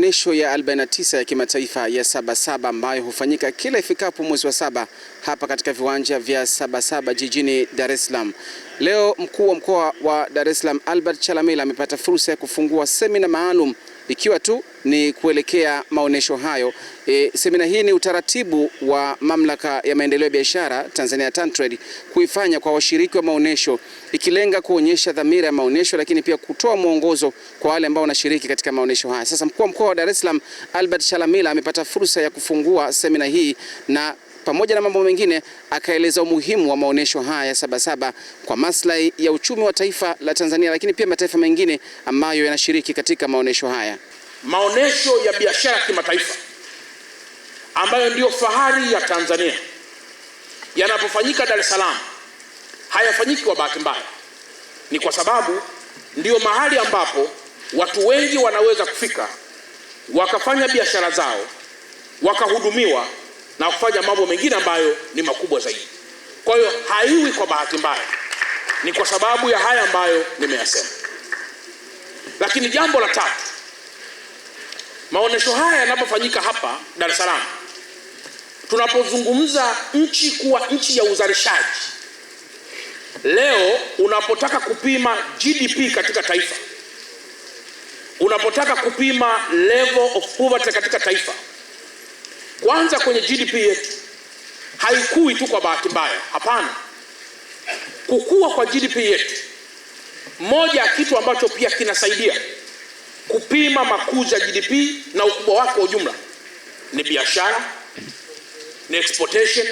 maonyesho ya 49 ya kimataifa ya Sabasaba ambayo hufanyika kila ifikapo mwezi wa saba hapa katika viwanja vya Sabasaba jijini Dar es Salaam. Leo mkuu wa mkoa wa Dar es Salaam Albert Chalamila amepata fursa ya kufungua semina maalum ikiwa tu ni kuelekea maonyesho hayo. E, semina hii ni utaratibu wa Mamlaka ya Maendeleo ya Biashara Tanzania TanTrade kuifanya kwa washiriki wa maonyesho ikilenga kuonyesha dhamira ya maonyesho, lakini pia kutoa mwongozo kwa wale ambao wanashiriki katika maonyesho haya. Sasa mkuu wa mkoa wa Dar es Salaam Albert Shalamila amepata fursa ya kufungua semina hii na pamoja na mambo mengine, akaeleza umuhimu wa maonyesho haya ya Sabasaba kwa maslahi ya uchumi wa taifa la Tanzania, lakini pia mataifa mengine ambayo yanashiriki katika maonyesho haya. Maonyesho ya biashara kimataifa ambayo ndiyo fahari ya Tanzania yanapofanyika Dar es Salaam hayafanyiki kwa bahati mbaya, ni kwa sababu ndiyo mahali ambapo watu wengi wanaweza kufika wakafanya biashara zao wakahudumiwa na kufanya mambo mengine ambayo ni makubwa zaidi. Kwa hiyo haiwi kwa bahati mbaya, ni kwa sababu ya haya ambayo nimeyasema. Lakini jambo la tatu, maonesho haya yanapofanyika hapa Dar es Salaam, tunapozungumza nchi kuwa nchi ya uzalishaji, leo unapotaka kupima GDP katika taifa, unapotaka kupima level of poverty katika taifa kwanza kwenye GDP yetu haikui tu kwa bahati mbaya, hapana. Kukua kwa GDP yetu, moja ya kitu ambacho pia kinasaidia kupima makuzi ya GDP na ukubwa wake kwa ujumla ni biashara, ni exportation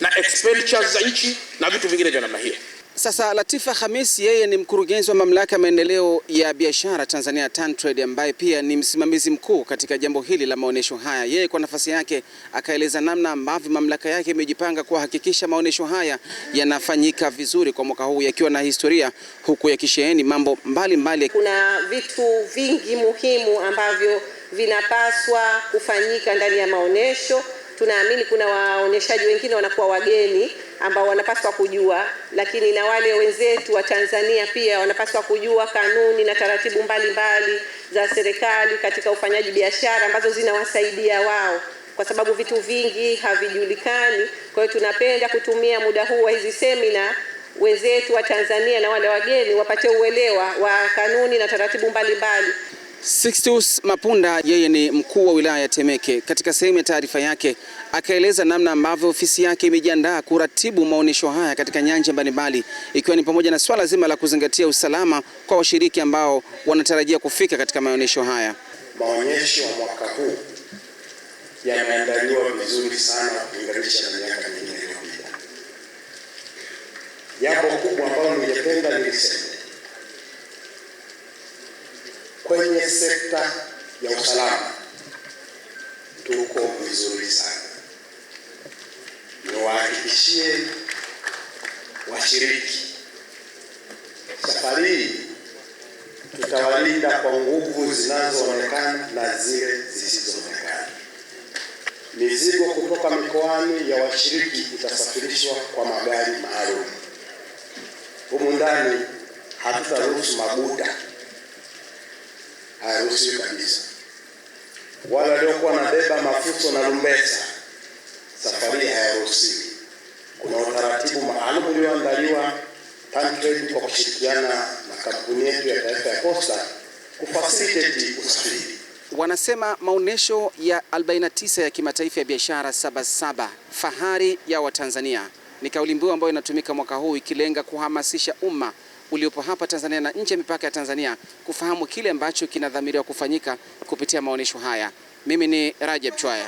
na expenditures za nchi na vitu vingine vya namna hiyo. Sasa Latifa Khamis yeye ni mkurugenzi wa mamlaka ya maendeleo ya biashara Tanzania Tantrade, ambaye pia ni msimamizi mkuu katika jambo hili la maonyesho haya. Yeye kwa nafasi yake akaeleza namna ambavyo mamlaka yake imejipanga kuhakikisha maonyesho haya yanafanyika vizuri kwa mwaka huu, yakiwa na historia huku yakisheheni mambo mbalimbali. Kuna vitu vingi muhimu ambavyo vinapaswa kufanyika ndani ya maonyesho tunaamini kuna waonyeshaji wengine wanakuwa wageni ambao wanapaswa kujua, lakini na wale wenzetu wa Tanzania pia wanapaswa kujua kanuni na taratibu mbalimbali mbali za serikali katika ufanyaji biashara ambazo zinawasaidia wao kwa sababu vitu vingi havijulikani. Kwa hiyo tunapenda kutumia muda huu wa hizi semina wenzetu wa Tanzania na wale wageni wapate uelewa wa kanuni na taratibu mbalimbali mbali. Sixtus Mapunda yeye ni mkuu wa wilaya ya Temeke. Katika sehemu ya taarifa yake akaeleza namna ambavyo ofisi yake imejiandaa kuratibu maonyesho haya katika nyanja mbalimbali, ikiwa ni pamoja na swala zima la kuzingatia usalama kwa washiriki ambao wanatarajia kufika katika maonyesho haya. Maonyesho ya mwaka huu yameandaliwa vizuri sana kulinganisha kwenye sekta ya usalama tuko vizuri sana. Niwahakikishie washiriki, safari hii tutawalinda kwa nguvu zinazoonekana na zile zisizoonekana. Mizigo kutoka mikoani ya washiriki itasafirishwa kwa magari maalum. Humu ndani hatutaruhusu mabuta hayaruhusiwi kabisa. Wale waliokuwa wanabeba mafuso na lumbesa safari hayaruhusiwi. Kuna utaratibu maalum ulioandaliwa TanTrade kwa kushirikiana na kampuni yetu ya taifa ya posta kufacilitate usafiri. Wanasema maonesho ya 49 ya kimataifa ya biashara Sabasaba fahari ya Watanzania ni kauli mbiu ambayo inatumika mwaka huu ikilenga kuhamasisha umma uliopo hapa Tanzania na nje ya mipaka ya Tanzania kufahamu kile ambacho kinadhamiriwa kufanyika kupitia maonyesho haya. Mimi ni Rajab Chwaya.